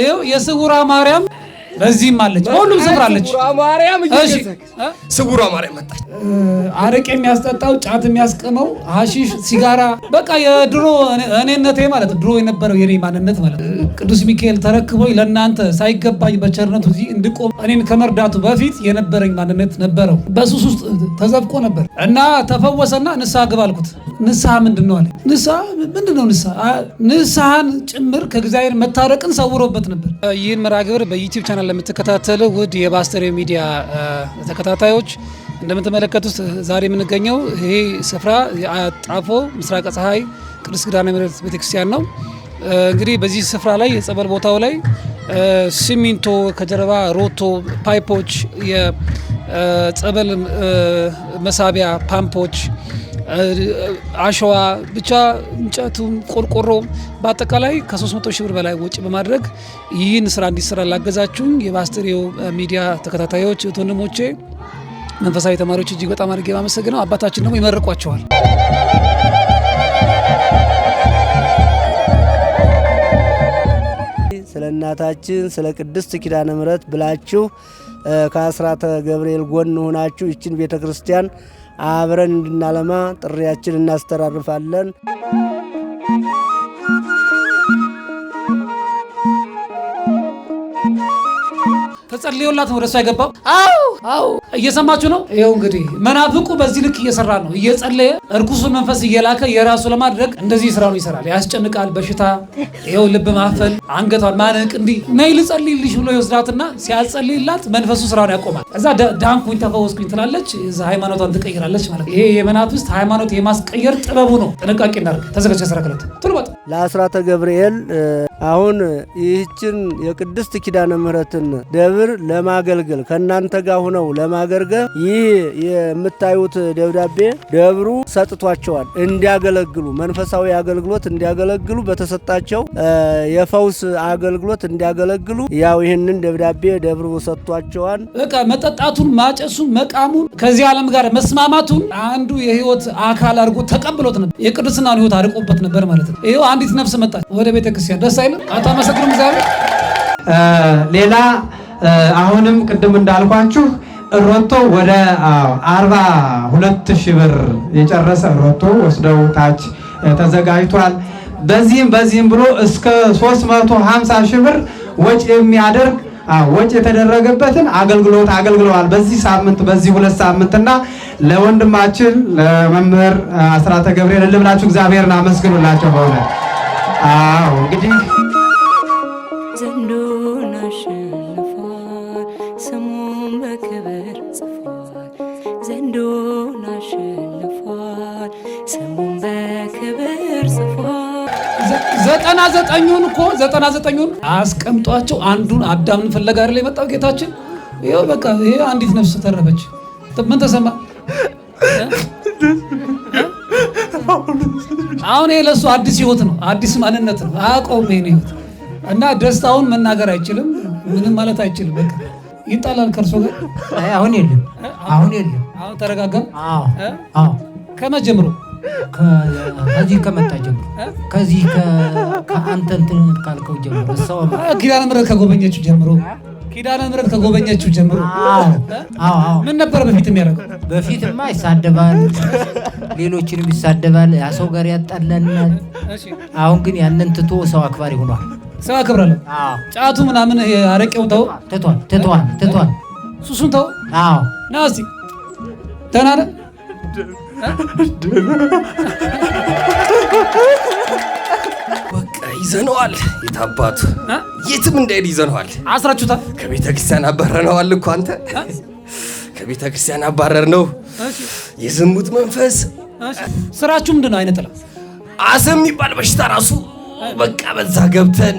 ይኸው የስውሯ ማርያም በዚህም አለች፣ በሁሉም ስፍራ አለች። ስውሯ ማርያም መጣች። አረቄ የሚያስጠጣው ጫት የሚያስቅመው ሐሺሽ፣ ሲጋራ በቃ የድሮ እኔነቴ ማለት ድሮ የነበረው የኔ ማንነት ማለት ቅዱስ ሚካኤል ተረክቦኝ ለእናንተ ሳይገባኝ በቸርነቱ እዚህ እንድቆም እኔን ከመርዳቱ በፊት የነበረኝ ማንነት ነበረው። በሱስ ውስጥ ተዘብቆ ነበር እና ተፈወሰና ንስሐ ግባ አልኩት። ንስሐ ምንድን ነው አለ። ንስሐ ምንድን ነው? ንስሐ ንስሐን ጭምር ከእግዚአብሔር መታረቅን ሰውሮበት ነበር። ይህን መርሃ ግብር በዩቲዩብ ቻናል ቻናል ለምትከታተሉ ውድ የባስተሬው ሚዲያ ተከታታዮች እንደምትመለከቱት ዛሬ የምንገኘው ይሄ ስፍራ የጣፎ ምስራቀ ፀሐይ ቅዱስ ኪዳነ ምሕረት ቤተክርስቲያን ነው። እንግዲህ በዚህ ስፍራ ላይ የጸበል ቦታው ላይ ሲሚንቶ ከጀርባ ሮቶ፣ ፓይፖች፣ የጸበል መሳቢያ ፓምፖች አሸዋ ብቻ እንጨቱም ቆርቆሮም በአጠቃላይ ከ300 ሺህ ብር በላይ ወጪ በማድረግ ይህን ስራ እንዲሰራ ላገዛችሁም የባስትሬዮ ሚዲያ ተከታታዮች ወንድሞቼ፣ መንፈሳዊ ተማሪዎች እጅግ በጣም አድርጌ ማመሰግነው አባታችን ደግሞ ይመርቋቸዋል። ስለ እናታችን ስለ ቅድስት ኪዳነ ምሕረት ብላችሁ ከአስራተ ገብርኤል ጎን ሆናችሁ ይችን ቤተ ክርስቲያን አብረን እንድናለማ ጥሪያችን you. ተጸልዮላት ነው ወደሷ የገባው። አዎ አዎ፣ እየሰማችሁ ነው። ይኸው እንግዲህ መናፍቁ በዚህ ልክ እየሰራ ነው፣ እየጸለየ እርኩሱን መንፈስ እየላከ የራሱ ለማድረግ እንደዚህ ስራ ነው ይሰራል። ያስጨንቃል፣ በሽታ ይኸው፣ ልብ ማፈል፣ አንገቷን ማነቅ፣ እንዲህ ነይ ልጸልይልሽ ብሎ ይወስዳትና ሲያጸልይላት መንፈሱ ስራውን ያቆማል። እዛ ዳንኩኝ፣ ተፈወስኩኝ ትላለች፣ እዛ ሃይማኖቷን ትቀይራለች ማለት ነው። ይሄ የመናፍስት ሃይማኖት የማስቀየር ጥበቡ ነው። ጥንቃቄ እናደርግ። ተዘጋጅ ያሰራክለት ትልበጥ ለአስራተ ገብርኤል አሁን ይህችን የቅድስት ኪዳነ ምሕረትን ደብር ለማገልገል ከእናንተ ጋር ሁነው ለማገልገል ይህ የምታዩት ደብዳቤ ደብሩ ሰጥቷቸዋል እንዲያገለግሉ መንፈሳዊ አገልግሎት እንዲያገለግሉ በተሰጣቸው የፈውስ አገልግሎት እንዲያገለግሉ ያው ይህንን ደብዳቤ ደብሩ ሰጥቷቸዋል። በቃ መጠጣቱን፣ ማጨሱን፣ መቃሙን ከዚህ ዓለም ጋር መስማማቱን አንዱ የህይወት አካል አድርጎ ተቀብሎት ነበር። የቅድስናን ህይወት አድርቆበት ነበር ማለት ነው። አንዲት ነፍስ መጣች ወደ ቤተ ክርስቲያን። ደስ አይልም? አታመሰግኑም? እግዚአብሔር ሌላ አሁንም ቅድም እንዳልኳችሁ ሮቶ ወደ አርባ ሁለት ሺህ ብር የጨረሰ ሮቶ ወስደው ታች ተዘጋጅቷል። በዚህም በዚህም ብሎ እስከ 350 ሺህ ብር ወጪ የሚያደርግ ወጪ የተደረገበትን አገልግሎት አገልግለዋል። በዚህ ሳምንት በዚህ ሁለት ሳምንትና ለወንድማችን ለመምህር አስራተ ገብርኤል ልብላችሁ እግዚአብሔርን አመስግኑላቸው በእውነት አዎ እንግዲህ ዘንዶን አሸንፏል፣ ስሙን በክብር ጽፏል። ዘንዶን አሸንፏል፣ ስሙን በክብር ጽፏል። ዘጠና ዘጠኙን እኮ ዘጠና ዘጠኙን አስቀምጧቸው አንዱን አዳምን ፍለጋ አይደል የመጣው ጌታችን። ይኸው በቃ ይሄ አንዲት ነፍስ ተረፈች። ምን ተሰማ? አሁን ይሄ ለእሱ አዲስ ህይወት ነው፣ አዲስ ማንነት ነው። አያውቀውም ይሄን ህይወት እና ደስታውን መናገር አይችልም፣ ምንም ማለት አይችልም። በቃ ይጣላል ከእርሶ ጋር። አሁን የለም፣ አሁን የለም። አሁን ተረጋጋም። ከመጀምሮ ከዚህ ከመጣ ጀምሮ ከዚህ ከአንተ እንትን ካልከው ጀምሮ ኪዳነ ምሕረት ከጎበኘችው ጀምሮ ኪዳነ ምሕረት ከጎበኘችው ጀምሮ ምን ነበር በፊት የሚያደርገው? በፊትማ ይሳደባል፣ ሌሎችንም ይሳደባል፣ ሰው ጋር ያጣላልናል። አሁን ግን ያንን ትቶ ሰው አክባሪ ሆኗል። ሰው አክብራለሁ። ጫቱ ምናምን አረቄው ተው ትቷል፣ ትቷል፣ ትቷል። ሱሱን ተው። አዎ ና እስኪ ተናነ ይዘነዋል። የታባቱ የትም እንዳይሄድ ይዘነዋል። አስራችሁታል። ከቤተ ክርስቲያን አባረነዋል እኮ አንተ። ከቤተ ክርስቲያን አባረር ነው። የዝሙት መንፈስ ስራችሁ ምንድን ነው? አይነ ጥላ የሚባል በሽታ ራሱ በቃ በዛ ገብተን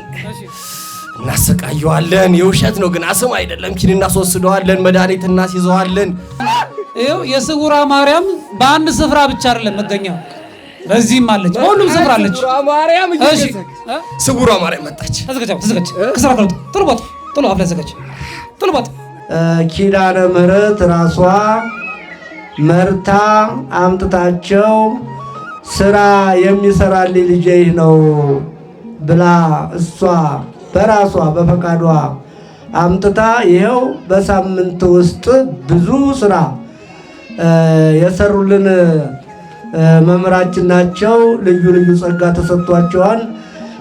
እናሰቃየዋለን። የውሸት ነው ግን አስም አይደለም። ኪን እናስወስደዋለን፣ መድኃኒት እናስይዘዋለን። ይኸው የስውራ ማርያም በአንድ ስፍራ ብቻ አይደለም መገኛው በዚህም አለች፣ በሁሉም ስፍራ አለች። ስውሯ ማርያም መጣች። ኪዳነ ምሕረት ራሷ መርታ አምጥታቸው ስራ የሚሰራልኝ ልጄ ነው ብላ እሷ በራሷ በፈቃዷ አምጥታ ይኸው በሳምንት ውስጥ ብዙ ስራ የሰሩልን መምህራችን ናቸው። ልዩ ልዩ ጸጋ ተሰጥቷቸዋል።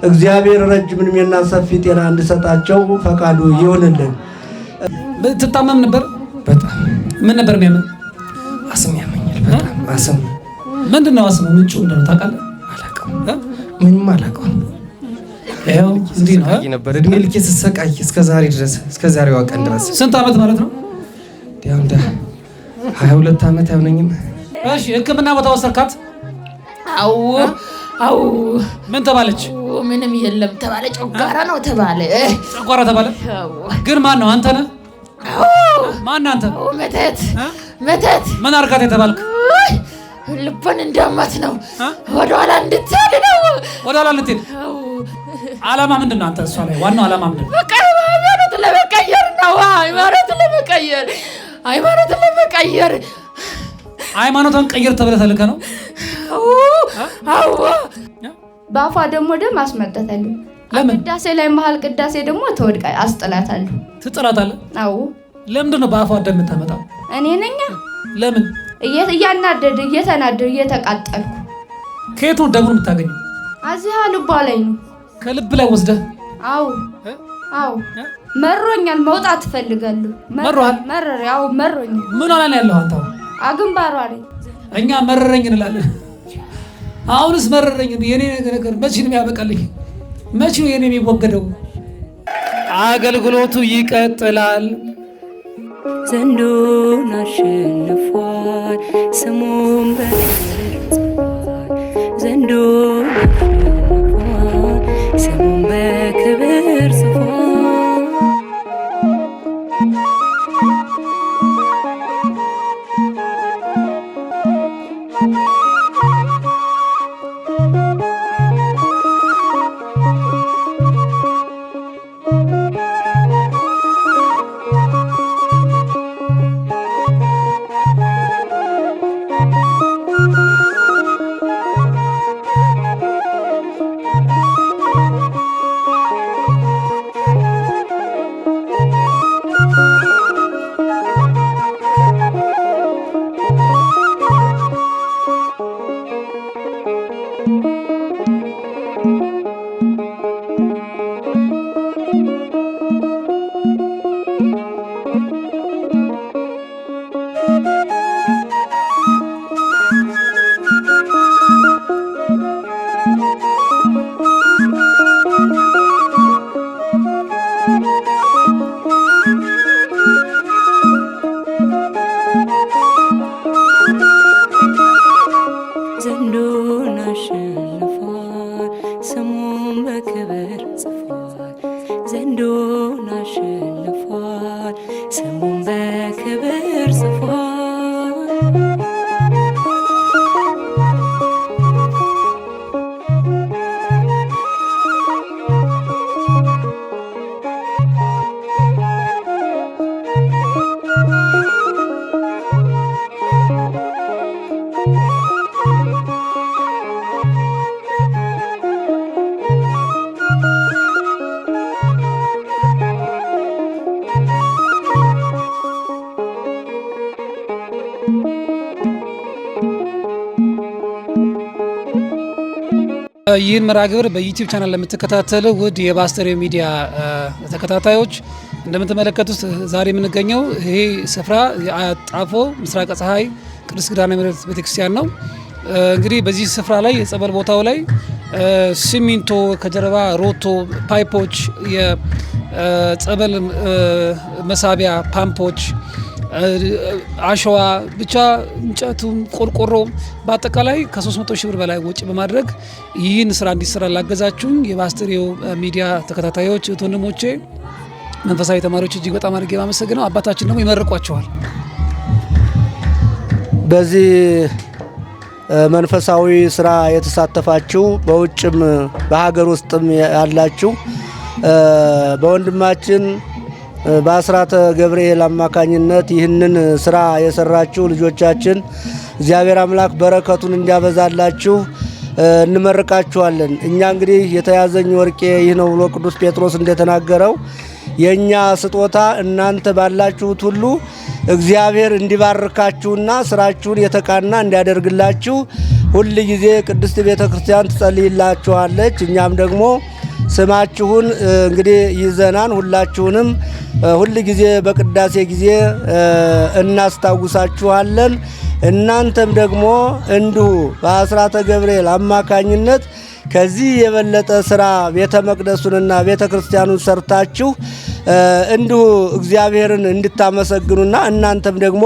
እግዚአብሔር ረጅም ዕድሜና ሰፊ ጤና እንዲሰጣቸው ፈቃዱ ይሆንልን። ትታመም ነበር። በጣም ምን ነበር የሚያምን? አስም ያመኛል። በጣም አስም። ምንድን ነው አስም? ምንጩ እንደሆነ ታውቃለህ? አላውቀውም፣ ምንም አላውቀውም። ይኸው እንዲህ ነው ነበር። እድሜ ልኬ ስሰቃይ እስከ ዛሬ ድረስ እስከ ዛሬዋ ቀን ድረስ። ስንት ዓመት ማለት ነው? ያው እንደ ሀያ ሁለት ዓመት አይሆነኝም እሺ ህክምና ቦታ ወሰድካት? አዎ አዎ። ምን ተባለች? ምንም የለም ተባለ። ጨጓራ ነው ተባለ። ጨጓራ ተባለ። ግን ማን ነው? አንተ ነህ? ማን አንተ? መተት መተት። ምን አርካት የተባልክ? ልቧን እንዳማት ነው። ወደኋላ እንድትል ነው። ወደኋላ እንድትል አላማ ምንድን ነው? አንተ እሷ ላይ ዋናው አላማ ምንድን ነው? ሃይማኖት ለመቀየር ነው። ሃይማኖት ለመቀየር ሃይማኖት ለመቀየር ሃይማኖቷን ቀይር ተብለ ተልከ ነው። በአፏ ደግሞ ደም አስመጠተልኝ። ቅዳሴ ላይ መሀል ቅዳሴ ደግሞ ተወድቃ አስጥላታለሁ። ትጥላታለህ? አዎ። ለምንድን ነው በአፏ ደም የምታመጣው? እኔ ነኛ። ለምን? እያናደድ እየተናደድ እየተቃጠልኩ። ከየት ነው ደሙን የምታገኘው? እዚያ ልቧ ላይ ነው። ከልብ ላይ ወስደህ? አዎ፣ አዎ። መሮኛል። መውጣት እፈልጋለሁ። መሮኛል። መሮኛል። ምን ሆነህ ነው ያለው አንተ? አግንባሩ እኛ መረረኝ እንላለን። አሁንስ መረረኝ የኔ ነገር መቼ ነው መቼ ነው የኔ የሚወገደው? አገልግሎቱ ይቀጥላል። ዘንዶን አሸንፏል ስሙም በዘንዶ ስሙን በክብር ጽፏል፣ ዘንዶን አሸንፏል። ይህን መርሃ ግብር በዩቲዩብ ቻናል ለምትከታተሉ ውድ የባስተሪዮ ሚዲያ ተከታታዮች እንደምትመለከቱት ዛሬ የምንገኘው ይሄ ስፍራ ጣፎ ምስራቀ ፀሐይ ቅዱስ ኪዳነ ምሕረት ቤተክርስቲያን ነው። እንግዲህ በዚህ ስፍራ ላይ የጸበል ቦታው ላይ ሲሚንቶ ከጀርባ ሮቶ፣ ፓይፖች፣ የጸበል መሳቢያ ፓምፖች አሸዋ ብቻ እንጨቱም ቆርቆሮ በአጠቃላይ ከ300 ሺህ ብር በላይ ወጪ በማድረግ ይህን ስራ እንዲሰራ ላገዛችሁኝ የባስትሬው ሚዲያ ተከታታዮች እህት ወንድሞቼ፣ መንፈሳዊ ተማሪዎች እጅግ በጣም አድርጌ ማመሰግነው። አባታችን ደግሞ ይመርቋቸዋል። በዚህ መንፈሳዊ ስራ የተሳተፋችሁ በውጭም በሀገር ውስጥም ያላችሁ በወንድማችን በአስራተ ገብርኤል አማካኝነት ይህንን ስራ የሰራችሁ ልጆቻችን እግዚአብሔር አምላክ በረከቱን እንዲያበዛላችሁ እንመርቃችኋለን። እኛ እንግዲህ የተያዘኝ ወርቄ ይህ ነው ብሎ ቅዱስ ጴጥሮስ እንደተናገረው የእኛ ስጦታ እናንተ ባላችሁት ሁሉ እግዚአብሔር እንዲባርካችሁና ስራችሁን የተቃና እንዲያደርግላችሁ ሁል ጊዜ ቅድስት ቤተ ክርስቲያን ትጸልይላችኋለች። እኛም ደግሞ ስማችሁን እንግዲህ ይዘናን ሁላችሁንም ሁል ጊዜ በቅዳሴ ጊዜ እናስታውሳችኋለን። እናንተም ደግሞ እንዲሁ በአስራተ ገብርኤል አማካኝነት ከዚህ የበለጠ ስራ ቤተ መቅደሱንና ቤተ ክርስቲያኑን ሰርታችሁ እንዲሁ እግዚአብሔርን እንድታመሰግኑና እናንተም ደግሞ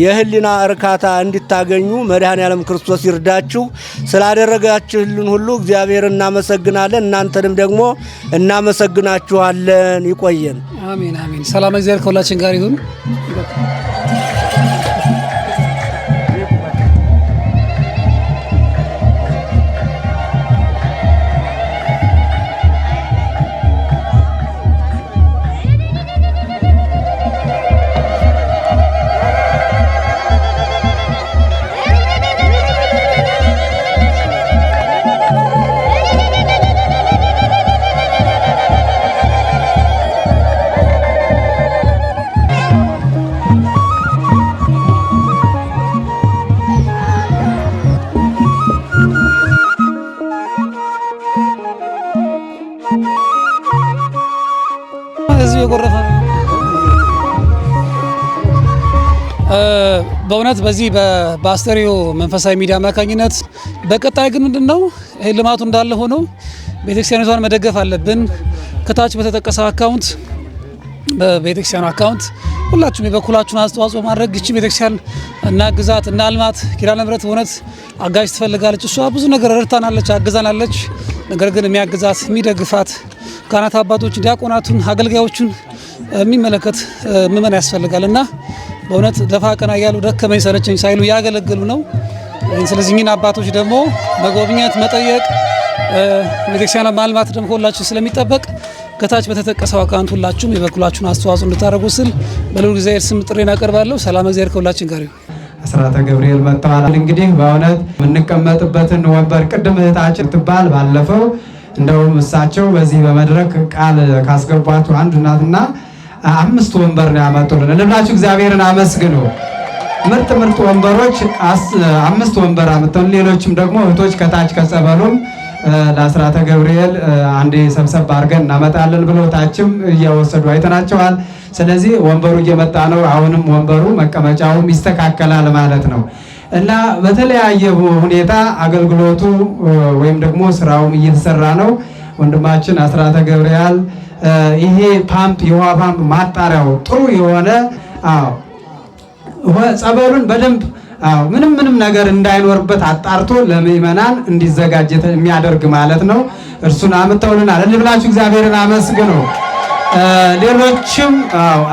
የህሊና እርካታ እንድታገኙ መድኃኔዓለም ክርስቶስ ይርዳችሁ። ስላደረጋችሁልን ሁሉ እግዚአብሔር እናመሰግናለን። እናንተንም ደግሞ እናመሰግናችኋለን። ይቆየን። አሜን አሜን። ሰላም እግዚአብሔር ከሁላችን ጋር ይሁን። በእውነት በዚህ በአስተሪዮ መንፈሳዊ ሚዲያ አማካኝነት በቀጣይ ግን ምንድን ነው ይህ ልማቱ እንዳለ ሆኖ ቤተክርስቲያኒቷን መደገፍ አለብን። ከታች በተጠቀሰው አካውንት በቤተክርስቲያኑ አካውንት ሁላችሁም የበኩላችሁን አስተዋጽኦ ማድረግ ይቺ ቤተክርስቲያን እና ግዛት እና ልማት ኪዳነ ምሕረት እውነት አጋዥ ትፈልጋለች። እሷ ብዙ ነገር ረድታናለች፣ አግዛናለች። ነገር ግን የሚያግዛት የሚደግፋት ካህናት አባቶች ዲያቆናቱን፣ አገልጋዮቹን የሚመለከት ምእመን ያስፈልጋል እና በእውነት ደፋ ቀና እያሉ ደከመኝ ሰለቸኝ ሳይሉ እያገለገሉ ነው። ስለዚህ እኚህን አባቶች ደግሞ መጎብኘት፣ መጠየቅ፣ ቤተክርስቲያን ማልማት ደግሞ ሁላችን ስለሚጠበቅ ከታች በተጠቀሰው አካውንት ሁላችሁም የበኩላችሁን አስተዋጽኦ እንድታደርጉ ስል በልዑል እግዚአብሔር ስም ጥሬን አቀርባለሁ። ሰላም እግዚአብሔር ከሁላችን ጋር ይሁን። አስራተ ገብርኤል መጥተዋል። እንግዲህ በእውነት የምንቀመጥበትን ወንበር ቅድም እህታችን ትባል ባለፈው እንደውም እሳቸው በዚህ በመድረክ ቃል ካስገቧቸው አንዱ ናትና አምስት ወንበር ነው ያመጡልን። ልብላችሁ እግዚአብሔርን አመስግኑ። ምርጥ ምርጥ ወንበሮች አምስት ወንበር አመጡልን። ሌሎችም ደግሞ እህቶች ከታች ከጸበሉም ለአስራተ ገብርኤል አንዴ ሰብሰብ አድርገን እናመጣለን ብሎ ታችም እያወሰዱ አይተናቸዋል። ስለዚህ ወንበሩ እየመጣ ነው። አሁንም ወንበሩ መቀመጫውም ይስተካከላል ማለት ነው እና በተለያየ ሁኔታ አገልግሎቱ ወይም ደግሞ ስራውም እየተሰራ ነው። ወንድማችን አስራተ ገብርኤል ይሄ ፓምፕ የውሃ ፓምፕ ማጣሪያው ጥሩ የሆነ ጸበሉን በደንብ ምንም ምንም ነገር እንዳይኖርበት አጣርቶ ለምእመናን እንዲዘጋጅ የሚያደርግ ማለት ነው። እርሱን አምተውልናል እንብላችሁ እግዚአብሔርን አመስግነው። ሌሎችም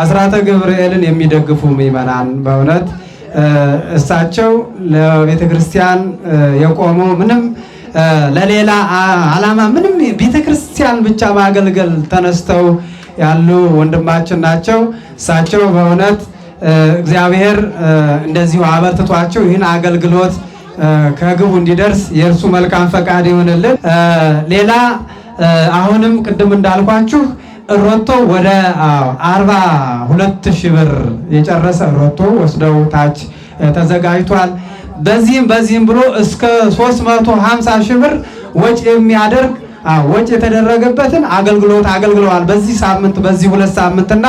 አስራተ ገብርኤልን የሚደግፉ ምእመናን በእውነት እሳቸው ለቤተ ክርስቲያን የቆሙ ምንም ለሌላ ዓላማ ምንም ቤተክርስቲያን ብቻ ማገልገል ተነስተው ያሉ ወንድማችን ናቸው። እሳቸው በእውነት እግዚአብሔር እንደዚሁ አበርትቷቸው ይህን አገልግሎት ከግቡ እንዲደርስ የእርሱ መልካም ፈቃድ ይሆንልን። ሌላ አሁንም ቅድም እንዳልኳችሁ ሮቶ ወደ አርባ ሁለት ሺህ ብር የጨረሰ ሮቶ ወስደው ታች ተዘጋጅቷል። በዚህም በዚህም ብሎ እስከ 350 ሺህ ብር ወጪ የሚያደርግ ወጪ የተደረገበትን አገልግሎት አገልግለዋል። በዚህ ሳምንት በዚህ ሁለት ሳምንትና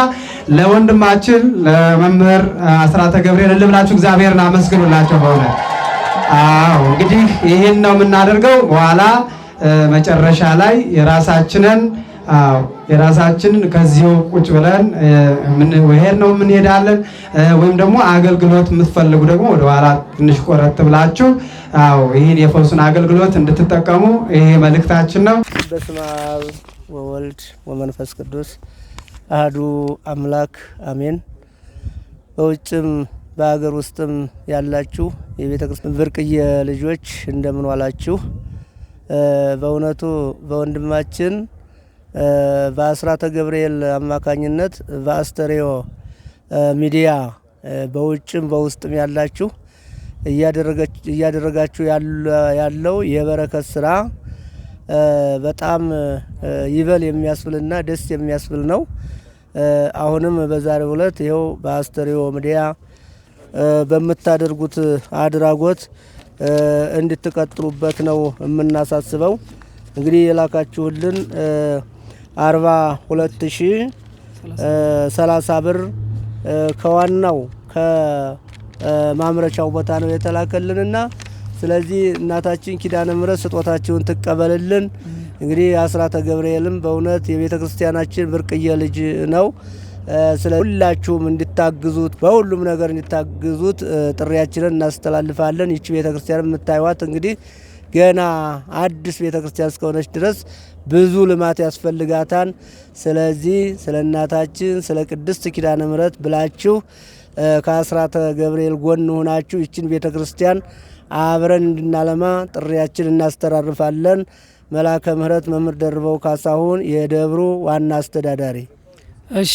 ለወንድማችን ለመምህር አስራተ ገብርኤል ልብላችሁ እግዚአብሔርን አመስግኑላቸው። በሆነ አዎ እንግዲህ ይህን ነው የምናደርገው። በኋላ መጨረሻ ላይ የራሳችንን የራሳችንን ከዚሁ ቁጭ ብለን ሄድ ነው የምንሄዳለን። ወይም ደግሞ አገልግሎት የምትፈልጉ ደግሞ ወደኋላ ትንሽ ቆረጥ ብላችሁ ይህን የፈውሱን አገልግሎት እንድትጠቀሙ ይሄ መልእክታችን ነው። በስመ አብ ወወልድ ወመንፈስ ቅዱስ አህዱ አምላክ አሜን። በውጭም በሀገር ውስጥም ያላችሁ የቤተ ክርስቲያን ብርቅዬ ልጆች እንደምን ዋላችሁ? በእውነቱ በወንድማችን በአስራተ ገብርኤል አማካኝነት በአስተሬዮ ሚዲያ በውጭም በውስጥም ያላችሁ እያደረጋችሁ ያለው የበረከት ስራ በጣም ይበል የሚያስብልና ደስ የሚያስብል ነው። አሁንም በዛሬው ዕለት ይኸው በአስተሪዮ ሚዲያ በምታደርጉት አድራጎት እንድትቀጥሉበት ነው የምናሳስበው። እንግዲህ የላካችሁልን ሁለት ሺ ሰላሳ ብር ከዋናው ከማምረቻው ቦታ ነው የተላከልንና ስለዚህ እናታችን ኪዳነ ምሕረት ስጦታችሁን ትቀበልልን። እንግዲህ አስራተ ገብርኤልም በእውነት የቤተ ክርስቲያናችን ብርቅዬ ልጅ ነው። ስለ ሁላችሁም እንድታግዙት በሁሉም ነገር እንድታግዙት ጥሪያችንን እናስተላልፋለን። ይቺ ቤተ ክርስቲያን የምታዩዋት እንግዲህ ገና አዲስ ቤተ ክርስቲያን እስከሆነች ድረስ ብዙ ልማት ያስፈልጋታል። ስለዚህ ስለ እናታችን ስለ ቅድስት ኪዳነ ምሕረት ብላችሁ ከአስራተ ገብርኤል ጎን ሆናችሁ ይችን ቤተ ክርስቲያን አብረን እንድናለማ ጥሪያችን እናስተራርፋለን። መላከ ምሕረት መምህር ደርበው ካሳሁን የደብሩ ዋና አስተዳዳሪ። እሺ፣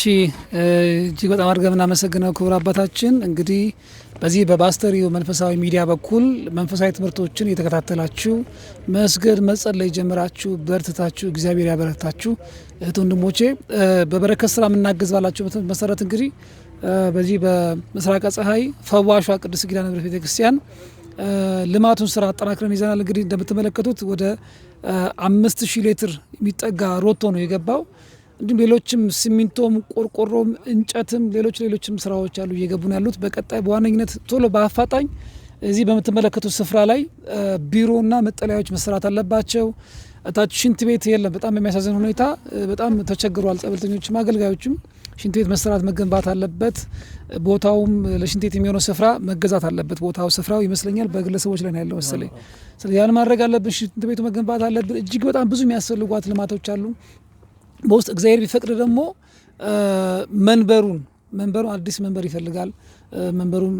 እጅግ በጣም አድርገን እናመሰግነው ክቡር አባታችን እንግዲህ በዚህ በባስተሪው መንፈሳዊ ሚዲያ በኩል መንፈሳዊ ትምህርቶችን የተከታተላችሁ መስገድ መጸለይ ጀምራችሁ በርትታችሁ እግዚአብሔር ያበረታችሁ እህት ወንድሞቼ በበረከት ስራ የምናገዝ ባላችሁ መሰረት እንግዲህ በዚህ በምስራቀ ፀሐይ ፈዋሿ ቅድስት ኪዳነ ምሕረት ቤተክርስቲያን ልማቱን ስራ አጠናክረን ይዘናል። እንግዲህ እንደምትመለከቱት ወደ አምስት ሺህ ሊትር የሚጠጋ ሮቶ ነው የገባው። እንዲሁም ሌሎችም ሲሚንቶም፣ ቆርቆሮም፣ እንጨትም ሌሎች ሌሎችም ስራዎች አሉ እየገቡ ነው ያሉት። በቀጣይ በዋነኝነት ቶሎ በአፋጣኝ እዚህ በምትመለከቱት ስፍራ ላይ ቢሮና መጠለያዎች መሰራት አለባቸው። እታች ሽንት ቤት የለም። በጣም በሚያሳዝን ሁኔታ በጣም ተቸግሯል። ጸበልተኞችም አገልጋዮችም ሽንት ቤት መሰራት መገንባት አለበት። ቦታውም ለሽንት ቤት የሚሆነው ስፍራ መገዛት አለበት። ቦታው ስፍራው ይመስለኛል በግለሰቦች ላይ ያለው መሰለኝ። ስለዚህ ያን ማድረግ አለብን። ሽንት ቤቱ መገንባት አለብን። እጅግ በጣም ብዙ የሚያስፈልጓት ልማቶች አሉ። በውስጥ እግዚአብሔር ቢፈቅድ ደግሞ መንበሩን መንበሩ አዲስ መንበር ይፈልጋል። መንበሩን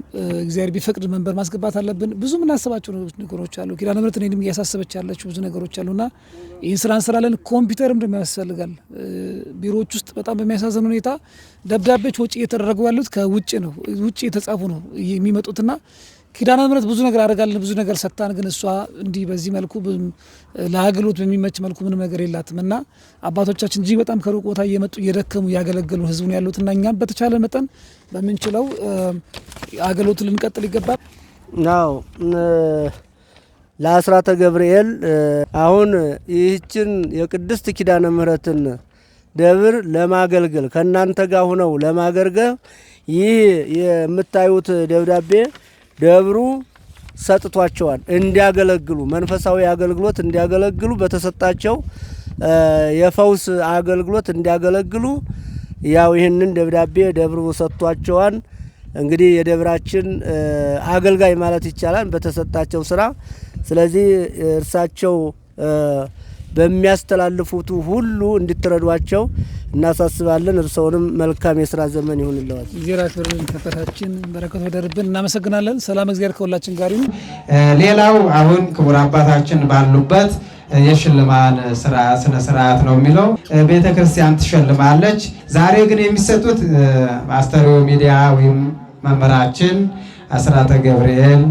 እግዚአብሔር ቢፈቅድ መንበር ማስገባት አለብን። ብዙ የምናስባቸው ነገሮች አሉ። ኪዳነ ምሕረት እኔንም እያሳሰበች ያለችው ብዙ ነገሮች አሉና ይህን ስራ እንስራለን። ኮምፒውተርም ደግሞ ያስፈልጋል። ቢሮዎች ውስጥ በጣም በሚያሳዝን ሁኔታ ደብዳቤዎች ወጪ እየተደረጉ ያሉት ከውጭ ነው፣ ውጭ የተጻፉ ነው የሚመጡትና ኪዳነ ምሕረት ብዙ ነገር አደርጋለን ብዙ ነገር ሰጥታን፣ ግን እሷ እንዲህ በዚህ መልኩ ለአገልግሎት በሚመች መልኩ ምንም ነገር የላትም እና አባቶቻችን እጅግ በጣም ከሩቅ ቦታ እየመጡ እየደከሙ እያገለገሉ ህዝቡን ያሉት እና እኛም በተቻለ መጠን በምንችለው አገልግሎት ልንቀጥል ይገባል። ናው ለአስራተ ገብርኤል አሁን ይህችን የቅድስት ኪዳነ ምሕረትን ደብር ለማገልገል ከእናንተ ጋር ሁነው ለማገልገል ይህ የምታዩት ደብዳቤ ደብሩ ሰጥቷቸዋል እንዲያገለግሉ መንፈሳዊ አገልግሎት እንዲያገለግሉ በተሰጣቸው የፈውስ አገልግሎት እንዲያገለግሉ ያው ይህንን ደብዳቤ ደብሩ ሰጥቷቸዋል። እንግዲህ የደብራችን አገልጋይ ማለት ይቻላል በተሰጣቸው ስራ። ስለዚህ እርሳቸው በሚያስተላልፉቱ ሁሉ እንድትረዷቸው እናሳስባለን። እርስዎንም መልካም የስራ ዘመን ይሁንለዋል። እግዚአብሔር ያክብርልን። ከፈታችን በረከት ወደርብን። እናመሰግናለን። ሰላም እግዚአብሔር ከሁላችን ጋር ይሁን። ሌላው አሁን ክቡር አባታችን ባሉበት የሽልማን ስራ ስነ ስርዓት ነው የሚለው ቤተ ክርስቲያን ትሸልማለች። ዛሬ ግን የሚሰጡት አስተሪዮ ሚዲያ ወይም መምህራችን አስራተ ገብርኤል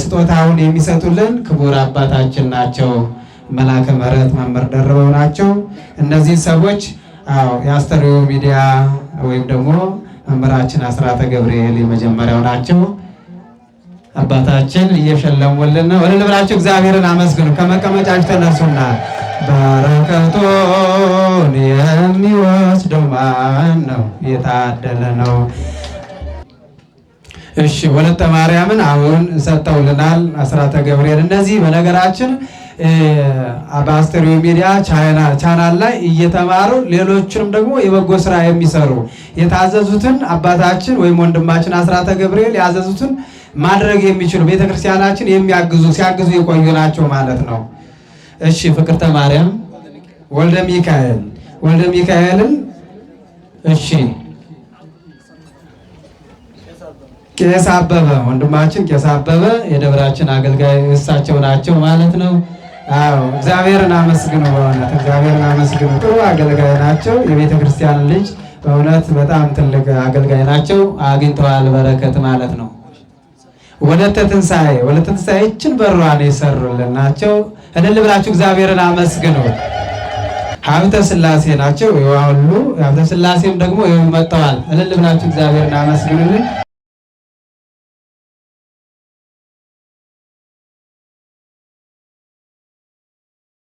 ስጦታውን የሚሰጡልን ክቡር አባታችን ናቸው። መላከ ምሕረት መምህር ደርበው ናቸው። እነዚህ ሰዎች አዎ ሚዲያ ወይም ደግሞ መምህራችን አስራተ ገብርኤል የመጀመሪያው ናቸው። አባታችን እየሸለሙልን ነው። እልል ብላችሁ እግዚአብሔርን አመስግኑ። ከመቀመጫችሁ ተነሱና በረከቱን የሚወስደው ማን ነው? የታደለ ነው። እሺ ወለተ ማርያምን አሁን ሰጥተውልናል አስራተ ገብርኤል። እነዚህ በነገራችን በአስተሪዮ ሚዲያ ቻናል ላይ እየተማሩ ሌሎችንም ደግሞ የበጎ ስራ የሚሰሩ የታዘዙትን አባታችን ወይም ወንድማችን አስራተ ገብርኤል ያዘዙትን ማድረግ የሚችሉ ቤተክርስቲያናችን የሚያግዙ ሲያግዙ የቆዩ ናቸው ማለት ነው። እሺ ፍቅርተ ማርያም ወልደ ሚካኤል ወልደ ሚካኤልን እሺ ቄስ አበበ ወንድማችን ቄስ አበበ የደብራችን አገልጋይ እሳቸው ናቸው ማለት ነው። አዎ እግዚአብሔርን አመስግኑ። በእውነት እግዚአብሔርን አመስግኑ። ጥሩ አገልጋይ ናቸው። የቤተ ክርስቲያን ልጅ በእውነት በጣም ትልቅ አገልጋይ ናቸው። አግኝተዋል በረከት ማለት ነው። ወለተ ትንሣኤ ወለተ ትንሣኤ ይችን በሯን የሰሩልን ናቸው። እልል ብላችሁ እግዚአብሔርን አመስግኑ። ሀብተ ስላሴ ናቸው። ይኸው ሁሉ ሀብተ ስላሴም ደግሞ ይኸው መጥተዋል። እልል ብላችሁ እግዚአብሔርን አመስግኑልን።